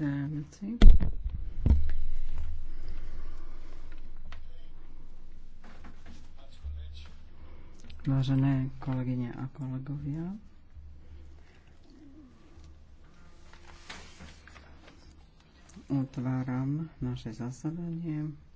rámci. Vážené kolegyne a kolegovia, otváram naše zasadanie.